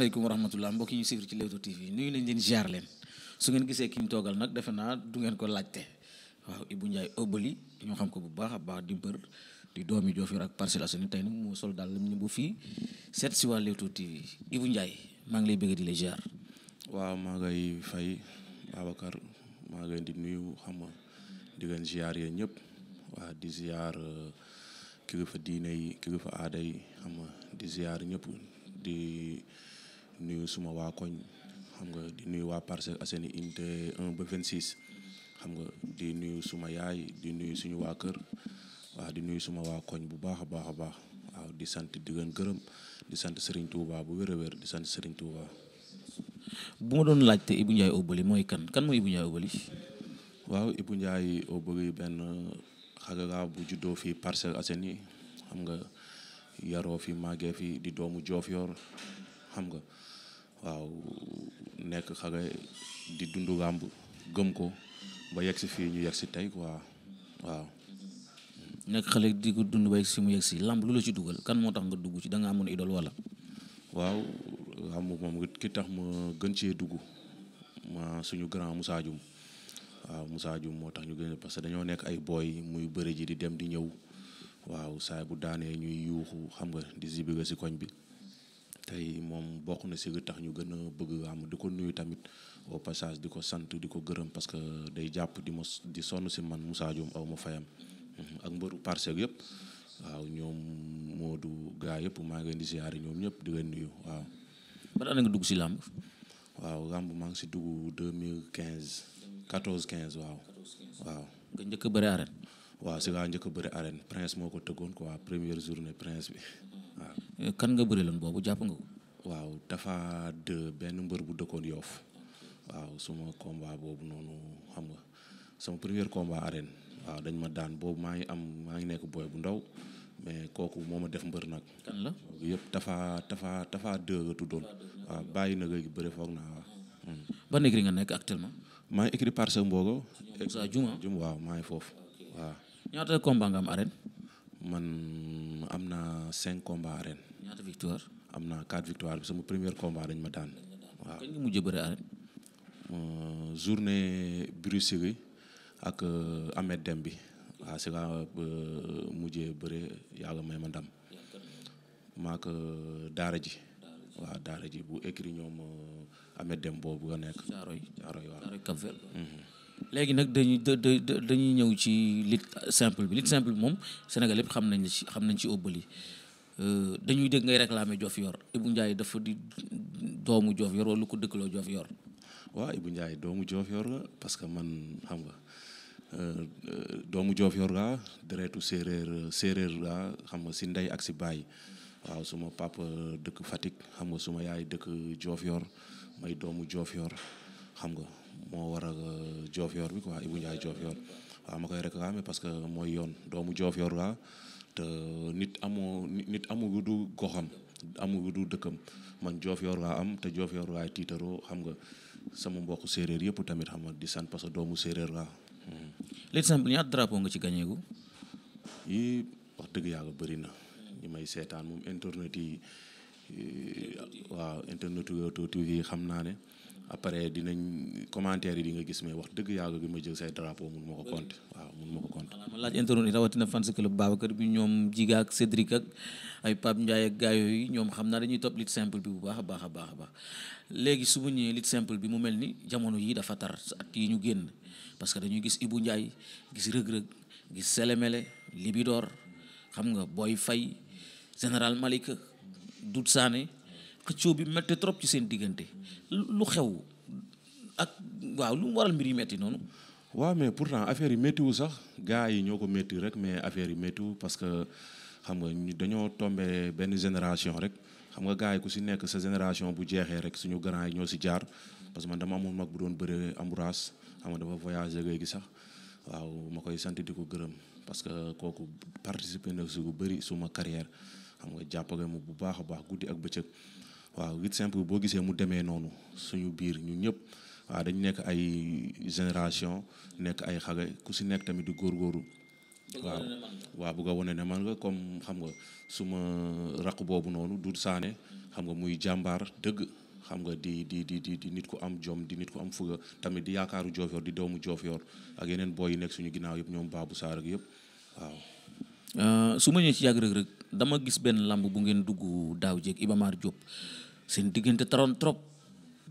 asalaamaaleykum wa rahmatullah mbokk ñu suivre ci Leewtoo TV nuyu nañ leen ziar su ngeen gisee ki toogal nag defe naa du ngeen ko laajte waaw Ibou Ndiaye ñoo xam ko bu baax a baax di mbër di doomi Diofior ak Parcelles Assainies tey nag moo sol daal lam ñu fii seet si waa Leewtoo TV Ibou Ndiaye maa ngi lay bëgg di la ziar waaw maa ngay fay Babacar maa ngay di nuyu xam nga di leen ziar yéen ñëpp waa di ziar kilifa diine yi kilifa aada yi xam di ziar ñëpp di nuyu suma waa koñ xam nga di nuyu waa Parcelles Assainies unité 1 ba 26 xam nga di nuyu suma yaay di nuyu suñu waa kër waaw di nuyu suma waa koñ bu baax a baax a baax waaw di sant di gën gërëm di sant sëriñ Touba bu wér a wér di sant Serigne Touba. bu ma doon laajte Ibou Ndiaye Obali mooy kan kan mooy Ibou Ndiaye Obali. waaw Ibou Ndiaye Obali benn xagagaa bu juddoo fii Parcelles yi xam nga yaroo fi màggee fi di doomu Diofior xam nga waaw nekk xaga di dund wàmb gëm ko ba yegg si fii ñu yegg si tey quoi waaw. nekk xale di ko dund ba yegg si mu yegg si làmb lu la ci dugal kan moo tax nga dugg ci da nga amoon idole wala. waaw làmb moom ki tax ma gën cee dugg ma suñu grand Moussa Dioum waaw Moussa Dioum moo tax ñu gën parce que dañoo nekk ay booy muy bëri ji di dem di ñëw waaw saay bu daanee ñuy yuuxu xam nga di zibiga si koñ bi. tey moom bokk na si lu tax ñu gën a bëgg am di ko nuyu tamit au passage di ko sant di ko gërëm parce que day jàpp di ma di sonn si man Moussa Diom aw ma fayam mhm, ak mbëru parcelle yëpp waaw ñoom du gaa yëpp maa ngi leen di ziare ñoom ñëpp di leen nuyu waaw. nga dugg si làmb. waaw làmb maa ngi si dugg 2015 14 15 waaw. 14 15 waaw. njëkk a bëri arène. waaw si laa njëkk a bëri arène prince moo ko tëggoon quoi première journée prince bi. kan nga bëri lan boobu jàpp nga ko. waaw dafa de benn mbër bu dëkkoon yoof waaw suma komba boobu noonu xam nga sama premier combat dañ ma daan boobu maa ngi am maa ngi nekk booy bu ndaw mais kooku moo ma def mbër nag. kan la yëpp tafa tafa bàyyi na léegi bëri foog naa waaw. nga nekk actuellement. maa ngi écurie Parcelles Mbogo. Moussa Dioum waaw maa ngi foofu waaw. ñaata combat am man am na cinq combat arène. ñaata victoire. am na quatre victoire bi sama premier combat dañ ma daan. waa kañ mujj a bëre arène. Euh, journée Bruce bi ak euh, Ahmed Dem bi waaw si laa euh, mujjee bëre yàlla may ma ndam. maak daara ji. waaw daara ji bu écrit ñoom Ahmed Dem boobu nga nekk. Caaroy Caaroy waaw Caaroy mhm. léegi nag dañuy dañuy ñëw ci lutte simple bi lutte simple bi moom Sénégal yëpp xam nañ ci xam nañ ci óbbali Euh, dañuy dégg ngay réclamer Diofior Ibou Ndiaye dafa di doomu Diofior wala lu ko dëkkaloo Diofior. waaw Ibou Ndiaye doomu Diofior la parce que man xam nga euh, euh, doomu Diofior la deretu séeréer séeréer la xam nga si ndey ak si baay waaw suma papa dëkk Fatick xam nga suma yaay dëkk Diofior may doomu Diofior xam nga moo war a Diofior bi quoi Ibou Ndiaye Diofior waaw ma koy réclamer parce que mooy yoon doomu Diofior la te nit amoo nit amul lu goxam amul lu dëkkam man joof yor laa am te joof yor laay tiitaroo xam nga sama mbokk séeréer yëpp tamit xam nga di sant parce que doomu séeréer laa. Hmm. léegi simple ñaata drapeau nga ci gagné gu. yii wax dëgg yàlla bëri na ñi may seetaan moom internet yi waaw internet Leewtoo TV yi xam naa ne. après dinañ commentaire yi di nga gis mais wax dëgg yàlla gi ma jël say drapeau mun ma ko compte waaw mun ma ko compte ma laaj internet yi rawatina fans club Babacar bi ñoom Jiga ak Cédric ak ay Pape Ndiaye ak gars yooyu ñoom xam naa dañuy topp lutte simple bi bu baax a baax a baax a léegi su ma ñëwee lutte simple bi mu mel ni jamono yi dafa tar ak yi ñu génn parce que dañuy gis Ibou Ndiaye gis rëg-rëg gis Selemele Libidor xam nga booy fay Général Malick Dout xëccoo bi metti trop ci seen diggante lu xew ak waaw lu mu waral mbir yi metti noonu. waaw mais pourtant affaire yi méttiwu sax gars yi ñoo ko métti rek mais affaire yi méttiwu parce que xam nga dañoo tombé benn génération rek xam nga gars yi ku si nekk sa génération bu jeexee rek suñu grand yi ñoo si jaar parce que man dama amoon mag bu doon bëri ambourage xam nga dafa voyagé léegi sax waaw ma koy sant di ko gërëm parce que kooku participer na bu bëri suma carrière xam nga jàppale ma bu baax a baax guddi ak bëccëg waaw lutte simple boo gisee mu demee noonu suñu biir ñu ñëpp waa dañ nekk ay génération nekk ay xale ku si nekk tamit di góor góoru waaw bu nga wane ne man nga comme xam nga suma raq boobu noonu du saane xam nga muy jàmbaar dëgg xam nga di di di di nit ku am jom di nit ku am fuga tamit di yaakaaru Diofior di doomu Diofior ak yeneen boy yi nekk suñu ginnaaw yëpp ñoom Babou bu ak yëpp waaw Euh, su ma ñëwee ci yàgg rëg-rëg dama gis benn làmb bu ngeen dugg daaw jéeg Ibamar Diop seen diggante taroon trop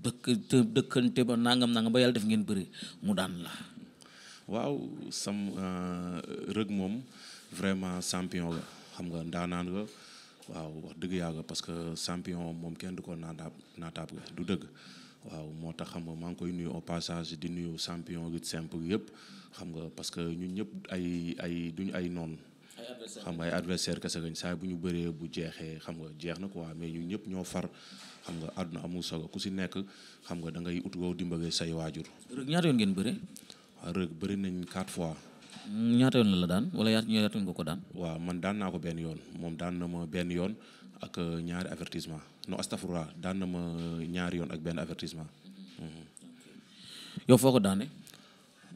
dëkk dëkkante ba nangam nangam ba yàlla def ngeen bëri mu daan la. waaw sam euh, rëg moom vraiment champion la xam nga ndaanaan la waaw wax dëgg yàlla parce que champion moom kenn du ko naataab naataab la du dëgg. waaw moo tax xam nga maa ngi koy nuyu au passage di nuyu sampion lutte simple yëpp xam nga parce que ñun ñëpp ay ay duñu ay noon xam nga ay adversaire kese gañ saa bu ñu bëree bu jeexee xam nga jeex na ko quoi mais ñu ñëpp ñoo far xam nga àdduna amul sago ku si nekk xam nga da ngay ut woo dimbalee say waajur. rëg ñaata yoon ngeen bëree. waaw rëg bëri nañ quatre fois. Mm, ñaata yoon la la daan wala ñaata yoon nga ko daan. waa man daan naa ko benn yoon moom daan na ma benn yoon ak euh, ñaari avertissement non astafurlah daan na ma ñaari yoon ak benn avertissement. Mm-hmm. yow foo ko daane.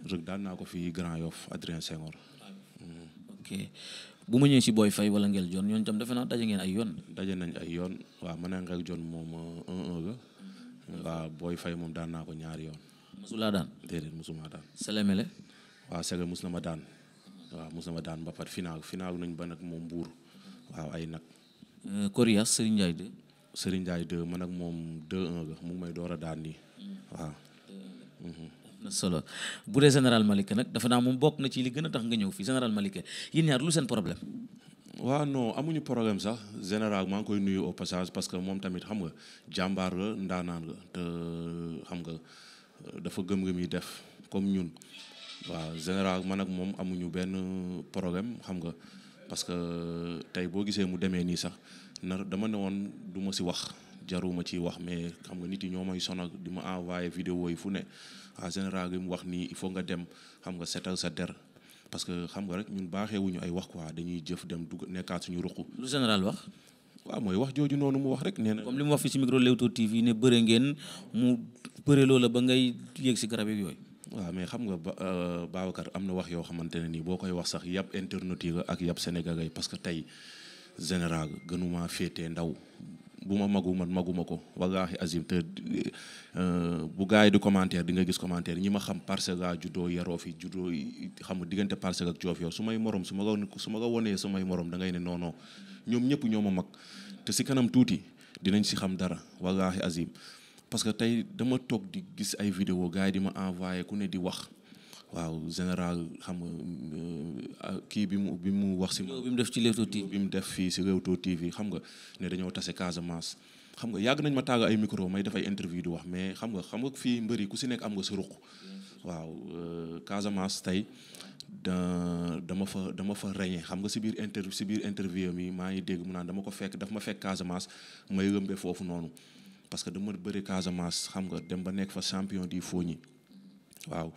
rëg daan naa ko fii Grand Yoff ok bu ma ñëwee ci booy fay wala Ngel John ñooñu tam defe naa daje ngeen ay yoon. daje nañ ay yoon waaw mën naa Ngel John moom euh, un un la mm-hmm. waaw Boy Faye moom daan naa ko ñaari yoon. mosulaa daan déedéet mosuma daan. Selemele. na ma daan. waaw mos na ma daan ba nañ ba nag moom Mbour. waaw ay nag. Euh, Korias Serigne Ndiaye 2. Serigne Ndiaye 2 man ak moom 2-1 la mu may door a daan nii mm. waaw. solo bu dee général Malika nag dafa naa moom bokk na ci li gën a tax nga ñëw fii général Malika yéen ñaar lu seen problème. waaw non amuñu problème sax général maa ngi koy nuyu au passage parce que moom tamit xam nga jàmbaar la ndaanaan la te xam nga dafa gëm-gëm def comme ñun waa général man ak moom amuñu benn problème xam nga parce que tey boo gisee mu demee nii sax na dama ne woon du ma si wax. jaruma ci wax mais xam nga nit yi ñoo may sonal di ma envoyé vidéo yi fu ne en général gi mu wax nii il faut nga dem xam nga setal sa der parce que xam nga rek ñun baaxewuñu ay wax waa dañuy jëf dem dugg nekkaat suñu ruq. lu général wax. waaw mooy wax jooju noonu mu wax rek nee na. comme li mu wax fi ci micro Leewtoo TV ne bëre ngeen mu bëre loola ba ngay yéeg si garab yooyu. waaw mais xam nga ba euh, Babacar am na wax yoo xamante ne nii boo koy wax sax yàpp internet yi ak yàpp Sénégal yi parce que tey général gënuma féetee ndaw bu ma magu man maguma ko wallaahi azim te euh, bu gars yi di commentaire di nga gis commentaire ñi ma xam Parcelles la juddoo yaroo fi juddoo xam nga diggante Parcelles ak Diofior su may morom su ma ko su ma ko wonee su may morom dangay ne non ñoom ñëpp ñoo ma mag te si kanam tuuti dinañ si xam dara wallaahi azim parce que tey dama toog di gis ay video gars di ma envoyé ku ne di wax waaw général xam nga euh, kii bi mu bi mu wax si. bi mu def ci Leewtoo TV bi mu def fii si Leewtoo TV xam nga ne dañoo tase Casamance. xam nga yàgg nañ ma tàgg ay micro may def ay interview wax mais xam nga xam nga fii mbër ku si nekk am nga sa waaw euh, Casamance tey da dama fa dama fa reñe xam nga si biir inter biir interview mi maa ngi dégg mu naan dama ko fekk daf ma fekk Casamance may lëmbe foofu noonu parce que dama bëri Casamance xam nga dem ba nekk fa champion di fooñi waaw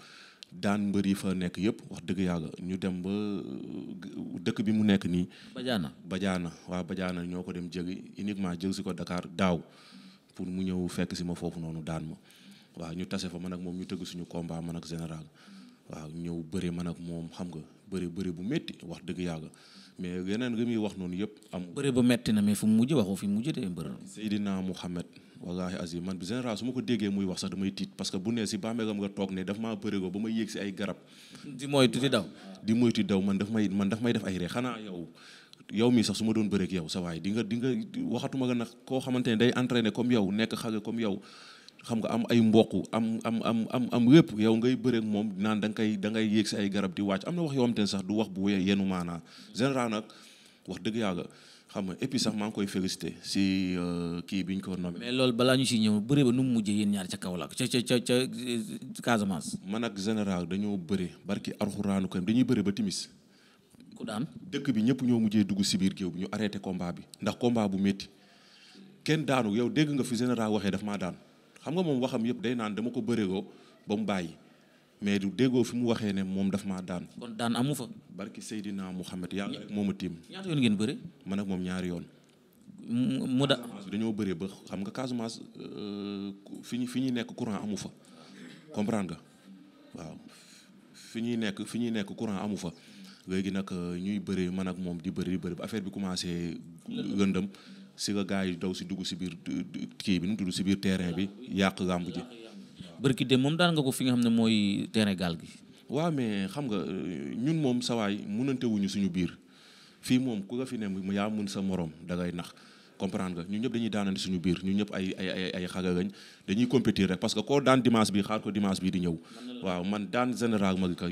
daan mbëri yi fa nekk yëpp wax dëgg yàlla ñu dem ba euh, dëkk bi mu nekk nii. Badiana Badiana waaw Badiana ñoo ko dem jëli uniquement jël si ko dakaar daaw pour mu ñëw fekk si ma foofu noonu daan ma waa ñu tase fa man ak moom ñu tëgg suñu combat man ak général waaw ñëw bëre man ak moom xam nga bëre bëre bu métti wax dëgg yàlla mais yeneen li muy wax noonu yëpp. am bëre ba métti na mais fu mu mujj waxu fi mu mujj de mbër. Seydina Mouhamed. wallahi azim man bi général su ma ko déggee muy wax sax damay tiit parce que bu nee si bàmmeelam nga toog ne daf maa bërigoo ba ma yéeg si ay garab di moytu di daw di moytu daw man daf may man daf may def ay ree xanaa yow yow mii sax su ma doon bëreeg yow sa waay di nga di waxatuma nag koo xamante ne day entraîné comme yow nekk xale comme yow xam nga am ay mboq am am am am am lépp yow ngay bëreeg moom naan da nga koy da ngay yéeg si ay garab di wàcc am na wax yoo xamante ne sax du wax bu yenu maanaa général nag wax dëgg yàlla xam nga et sax maa ngi koy félicité si euh, kii bi ñu ko nommé. mais loolu balaa ñu si ñëw bëri ba nu mu mujjee yéen ñaar ca Kaolack ca ca ca ca Casamance. man ak général dañoo bëri barki arxuraanu kër dañuy bëri ba timis. ku daan dëkk bi ñëpp ñoo mujjee dugg si biir géew bi ñu arrêté combat bi ndax combat bu métti kenn daanu yow dégg nga fi général waxee daf maa daan xam nga moom waxam yëpp day naan dama ko bëree ko ba mu bàyyi. mais du déggoo fi mu waxee ne moom dafa maa daan. kon daan amu fa. barki Seydina Mouhamed yàlla rek moom a tiim. ñaata yoon ngeen bëre. moom ñaari yoon. dañoo bëree ba xam nga Casamance euh, fi fi ñuy nekk courant amu fa comprendre nga waaw fi ñuy nekk fi ñuy nekk courant amu fa léegi nag euh, ñuy bëree man ak moom di bëri di bëri ba affaire bi commencé lëndëm si nga gars yi dow si dugg si biir kii bi nu mu si biir terrain bi yàq làmb ji. bërki dem moom daan nga ko fi nga xam ne mooy terrain gaal gi. waaw mais xam nga euh, ñun moom sawaay munante wuñu suñu biir fii moom ku nga fi ne yaa mun sa morom dangay nax comprendre ñun ñëpp dañuy daanante suñu biir ñun ñëpp ay ay ay ay xagagañ rek parce que koo daan dimanche bi xaar ko dimanche bi di ñëw waaw man daan général ma ka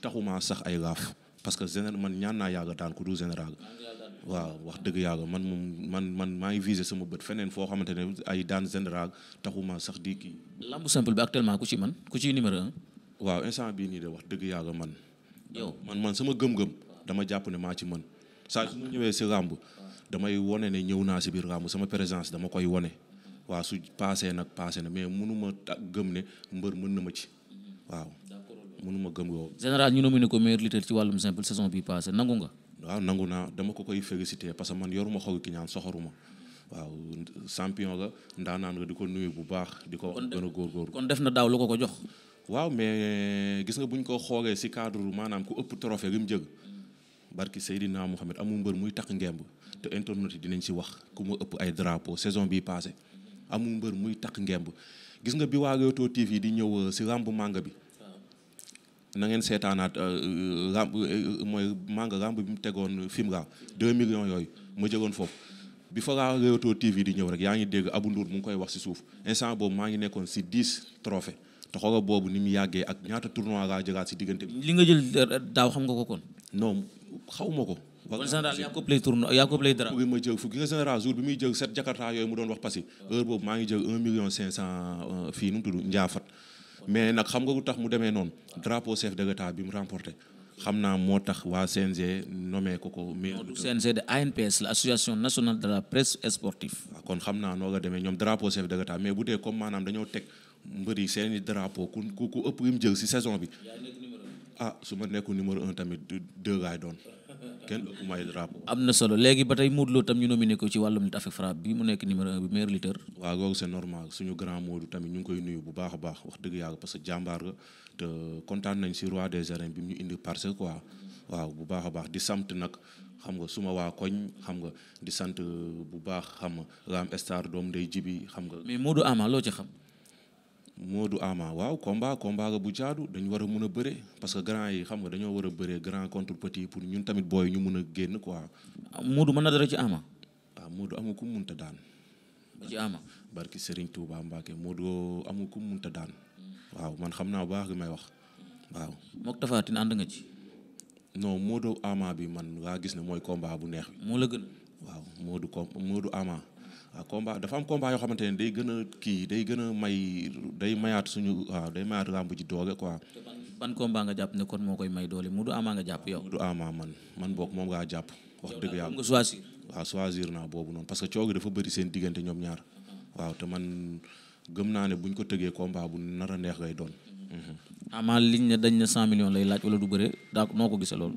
taxumaa sax ay gaaf parce que général man ñaan naa yàgg daan ku du général waaw wax dëgg yàlla man moom man man maa ngi visé sama bët feneen foo xamante ne ay daan général taxuma sax di kii. làmb simple bi actuellement ku ci man ku ci numéro un. waaw instant bii nii de wax dëgg yàlla man. man man sama gëm-gëm. dama jàpp ne maa ci man saa ñëwee si damay wane ne ñëw naa si biir làmb sama présence dama koy wane. waaw su paasee nag paase na mais mënuma gëm ne mbër mën na ma ci waaw. mënuma gëm loolu. général ñu nominé ko meilleur lutteur ci wàllum simple saison bi passé nangu nga. waaw nangu naa dama ko koy félicité parce que man yoruma xolu ki ñaan soxoruma waaw champion la ndaanaan la di ko nuyu bu baax di ko gën góor góor kon def na daaw lu ko ko jox waaw mais gis nga bu ñu ko xoolee si cadre maanaam ku ëpp trophée li mu jël barki Seydina Mohamed amul mbër muy takk ngemb te internet dinañ si wax ku ma ëpp ay drapeau saison bi passé amul mbër muy takk ngemb gis nga bi waa Leewtoo TV di ñëw euh, si lamb manga bi nangeen ngeen seetaanaat ram euh, euh, euh, mooy manga ramb bi mu tegoon Fimra deux millions yooyu ma jëgoon foofu bi fa laa Leewtoo TV di ñëw rek yaa ngi dégg abu Ndour mu ngi koy wax si suuf instant boobu maa ngi nekkoon si dix trophées te boobu ni mu yàggee ak ñaata tournoi laa jëlaat si diggante bi. li nga jël daaw xam nga ko kon. non xaw ko. kon général yaa ko play tournoi yaa ko play dara. ma jël fukki nga yooyu mu doon wax pasi heure boobu maa ngi jël un million cinq cent fii nu mu tudd Ndiafat. mais nag xam nga lu tax mu demee noonu drapeau chef de l'État bi mu remporté xam naa moo tax waa CNG nommé ko ko. meilleur CNG de ANPS la association nationale de la presse sportive. waaw ah, kon xam naa noo nga demee ñoom drapeau chef de mais bu dee comme maanaam dañoo teg mbër yi seen i drapeau ku ku ku ëpp lim jël si saison bi. ah su ma nekku numéro un tamit deux gaay doon. kenn Oumay Drapeau. am na solo léegi ba tey Modou Lo tam ñu nominé ko ci wàllum lutte avec frappe bi mu nekk numéro bi meilleur lutteur. waaw googu c'est normal suñu grand Modou tamit ñu ngi koy nuyu bu baax a baax wax dëgg yàlla parce que jàmbaar la te kontaan nañ si roi des arènes bi mu ñu indi parce quoi waaw bu baax a baax di sant nag xam nga suma waa koñ xam nga di sant bu baax xam nga am Star doom day jibi xam nga. mais Modou Ama loo ci xam. Modou Ama waaw combat bu jaadu dañ war a mun a bëre parce que grand yi xam dañoo war a bëre grand contre petit pour ñun tamit ñu mun a génn quoi. Modou mën na dara ci Ama. waaw ah, Modou amul ku mu munta daan. ci Ama. barki Serigne Touba Mbacke Modou amul ku mu daan. waaw man xam naa baax li may wax waaw. mook Tapha Tine ànd nga ci. no Modou Ama bi man laa gis ne mooy combat bu neex. moo la gën. waaw Modou com Modou Ama. ah combat dafa am combat yoo xamante ne day gën a kii day gën a may day mayaat suñu waaw day mayaat làmb ji doole quoi. ban combat nga jàpp ne kon moo koy may doole du Ama nga jàpp yow. Modou man man boog moom ngaa jàpp. wax dëgg yàlla nga choisir. waaw choisir boobu noonu parce que coow gi bëri seen diggante ñoom ñaar. Uh-huh. waaw te man gëm naa ne buñ ko tëgee combat bu nar a neex lay doon. Uh-huh. Ama liñ ne dañ ne cent millions lay laaj wala du bëre daa noo ko gisee loolu.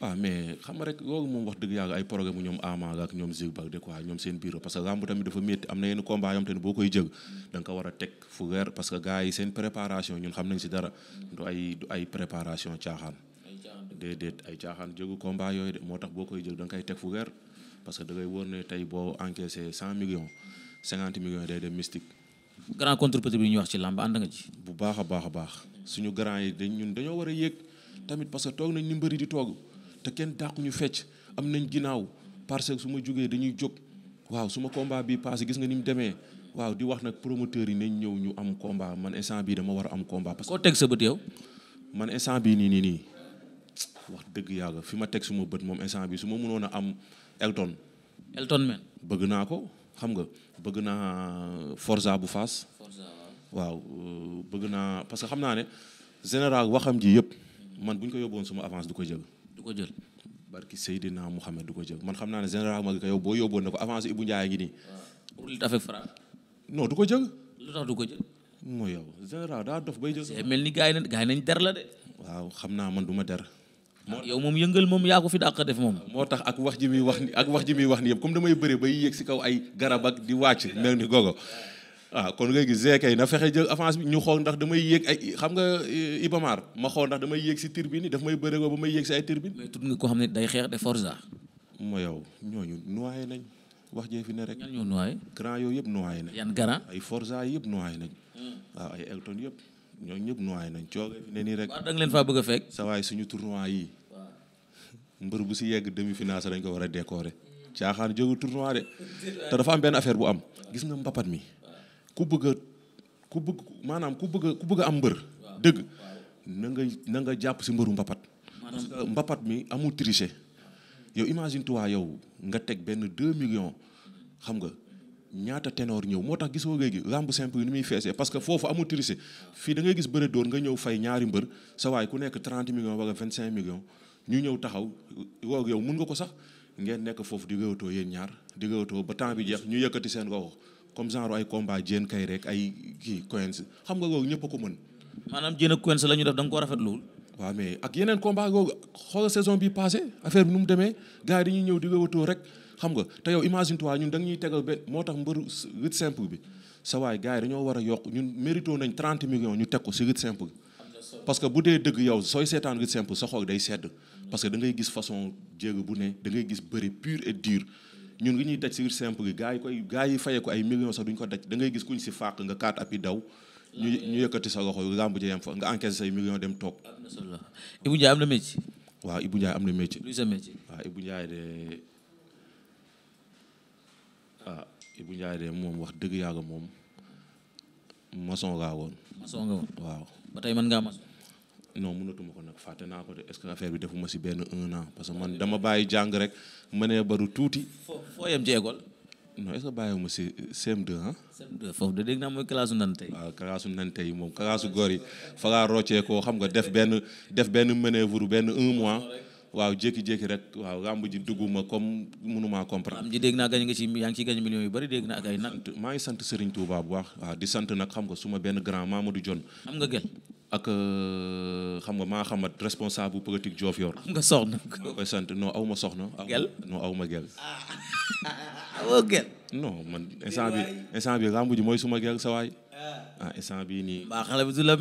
waaw ah, mais xam nga rek loolu moom wax dëgg yàlla ay programme mu ñoom Amath ak ñoom Zig Bag de quoi ñoom seen bureau parce que lamb tamit dafa métti am na yenn combat yoo xam te boo koy jël da a teg fu weer parce que gars yi seen préparation ñun xam nañ si ay caaxaan. déedéet ay caaxaan jëgu yooyu de moo tax boo koy jël da nga koy teg fu que da ngay wóor tey boo encaissé cent millions cinquante million day dem mystique. grand contre petit bi ñu wax ci lamb ànd nga ci. bu baax a baax a baax suñu grand yi dañ ñun dañoo war a yéeg tamit parce que toog nañ ni mbëri di toog. te kenn dàquñu fecc am nañ ginnaaw parce que su ma jógee dañuy jóg waaw su ma combat bi passé gis nga ni mu demee waaw di wax nag promoteur yi nañ ñëw ñu am combat man instant bii dama war a am combat. parce que koo teg sa bët yow. man instant bii nii nii nii wax dëgg yàlla fi ma teg su ma bët moom instant bii su ma mënoon a am Elton. Elton men bëgg naa ko xam nga bëgg naa euh, forsa bu Fass. Forza waaw euh, bëgg naa parce que xam naa ne général waxam ji yëpp man bu ñu ko yóbboon suma avance du ko jël. du ko jël. barki Seydina Mouhamed du ko jël man xam naa ne général Malika yow boo yóbboon na ko avance Ibou Ndiaye ngi nii. pour lutte avec Franc. non du ko jël. lu tax yow général daa dof bay jël. mel ni gars yi gars yi nañ der la de. waaw xam naa man du ma der. Ah, yow moom yëngal moom yaa ko fi dàq def moom. moo tax ak wax ji muy wax ni ak wax ji muy wax ni yëpp comme damay bëre bay yéeg si kaw ay garab ak di wàcc mel ni gogo. waaw ah, kon nga gis kay na fexe jël avance bi ñu xool ndax damay yéeg ay xam nga eh, Ibamar ma xool ndax damay yéeg si turbine yi daf may bëre ba may yéeg si ay turbine. mais tudd ko xam ne day xeex de Forza. ma yow ñooñu noyé nañ wax jee fi ne rek. ñoo noyé. grand yooyu yëpp noyé nañ. yan grand ay Forza yëpp noyé nañ. waaw hmm. ah, yëpp ñooñu ñëpp noyé nañ coogee fi ne nii rek. waaw da leen faa bëgg a fekk. sa waay suñu tournoi yi. mbër bu si yegg demi finale dañ ko war a décorer. caaxaan jógul tournoi de. te dafa am benn affaire bu am. gis nga mbappat mi ku bëgg a ku bëgg maanaam ku bëgg a am mbër. dëgg na nga na nga jàpp si mbëru mbapat. parce mbapat mi amul tricher. yow imagine toi yow nga teg benn deux millions xam nga ñaata ténor ñëw moo tax gisoo léegi lamb simple yi nu muy feesee parce que foofu amul tricher fii da gis bëre dóor nga ñëw fay ñaari mbër sa waay ku nekk trente millions wala vingt cinq millions ñu ñëw taxaw woo yow mun nga ko sax ngeen nekk foofu di réewtoo yéen ñaar di réewtoo ba temps bi jeex ñu yëkkati seen roxo. comme genre ay combat ay Coins xam nga loolu ñëpp a ko mën. maanaam jéen ak Coins la ñu def da nga koo rafetlu. waaw mais ak yeneen combat googu xoolal saison bi passé affaire bi nu mu demee gars yi dañuy ñëw di wëwatoo rek xam nga te yow imagine toi nga a ñu teg ko si lutte simple. parce que bu dee dëgg yow sooy seetaan lutte simple sa xool day sedd. parce que da gis façon jéego bu ne da gis bëri pur et dur. ñun ngi ñuy daj si simple gi gars yi koy gars yi fayee ko ay millions sax duñ ko daj da ngay ku ñu si fàq nga kaat ab yi daw. ñu ñu yëkkati sa loxo làmb ji yem fa nga encaissé say millions dem toog. am na solo Ibou Ndiaye am na métier. waa Ibou Ndiaye am na métier. luy sa métier. waaw Ibou Ndiaye de ah Ibou de moom wax dëgg yàlla moom maçon laa woon. maçon woon waaw. mën ngaa maçon. non mënatuma ko nag fàtte naa ko de est-ce que affaire bi defuma si benn un an parce que man dama bàyyi jàng rek mënee baru tuuti. foo foo yem ci école. non est foofu de dégg naa mooy kalaasu nante yi. nante yi moom kalaasu góor yi fa laa koo xam nga def benn def benn manœuvre benn un mois waaw jékki-jékki rek waaw làmb ji dugguma comme mënumaa comprendre. am ji dégg naa gañ nga ci yaa ngi ciy gañ millions yu bëri dégg naa ak ay nag. maa ngi sant Serigne Touba baax waaw di sant nag xam nga suma benn grand du John. am nga gel ak euh, xam nga maa xamat responsable bu politique Diofior. am nga soxna. noo koy sant aw ma soxna. gel non aw ma gel. Ah. awoo man instant bi instant bi ji mooy suma gel sa ah. Ah, bii nii. mbaa xale bi du la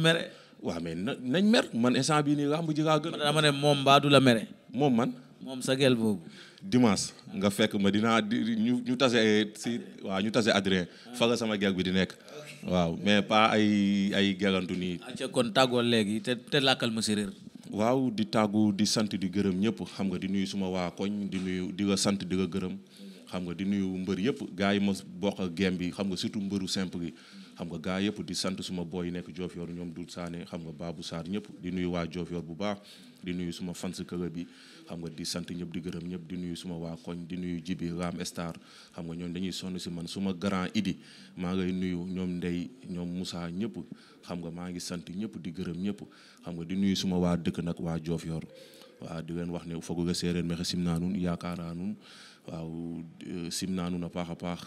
man instant bii nii rambu ji laa gën. moom mbaa dula mere. moom man. moom sa gel boobu. dimanche nga fekk ma dinaa ñu ñu tase si waaw ñu tase Adrien fa sama gel bi di nekk. waaw mais pas ay ay gelantu nii. ca kon tàggoo léegi te te làkkal ma séréer waaw di tàggu di sant di gërëm ñëpp xam nga di nuyu suma waa koñ di nuyu di nga sant di nga gërëm xam nga di nuyu mbër yëpp gars yi ma bokk ak game bi xam nga surtout mbëru simple gi xam nga gaa yëpp di sant suma booy yi nekk Diofior ñoom Dul Saane xam nga baabu saar ñëpp di nuyu waa Diofior bu baax di nuyu suma fans club bi xam nga di sant ñëpp di gërëm ñëpp di nuyu suma waa koñ di nuyu Jibi Ram Star xam nga ñoom dañuy sonn si man suma grand idi maa ngay nuyu ñoom Ndey ñoom Moussa ñëpp xam nga maa ngi sant ñëpp di gërëm ñëpp xam nga di nuyu suma waa dëkk nag waa joof Diofior waa di leen wax ne faguga séeréer mexe sim naa nun yaakaaraa nun waaw euh, simnanun a paax a paax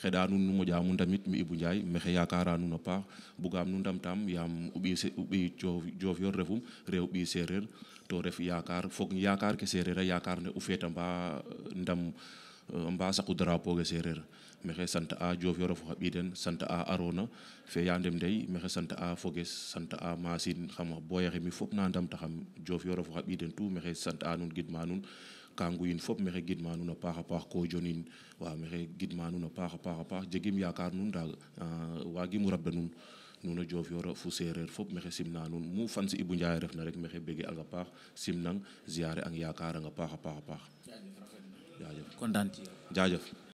xeɗa nun nu moƴa mu ndamit mi Ibou Ndiaye maxey yakara nun a paax bugaam nu ndamtaam yaam bi ɓiy Diofior refum rew ɓiy seereer to ref yakar fog yakar ke seereer yakar ne o feeta mba euh, ndam euh, mba saqu drapeau ge seereer maxey sant a Diofior a fo xa ɓiy den sant a Arona fe Ya Ndem Ndey maxey sant a foges sant a Masin xam boya xe mi fop na ndamtaxam Diofior a fo xa ɓiy den tout maxey sant a nuun gidma nuun kanguyin fop maxey gidma nuun a paax a paax ko jonin wa maxey gidma nuun a paax a paax a paax jegim yaakaar nuun nda euh, waagim rabda nuun nuun a Diofior a fo séeréer fop maxey simna nuun mu fan si Ibou Ndiaye refna rek maxey bege ang a paax simnang ziare ang yaakaarang a paax a paax a paax jaajëf kontaan ci jaajëf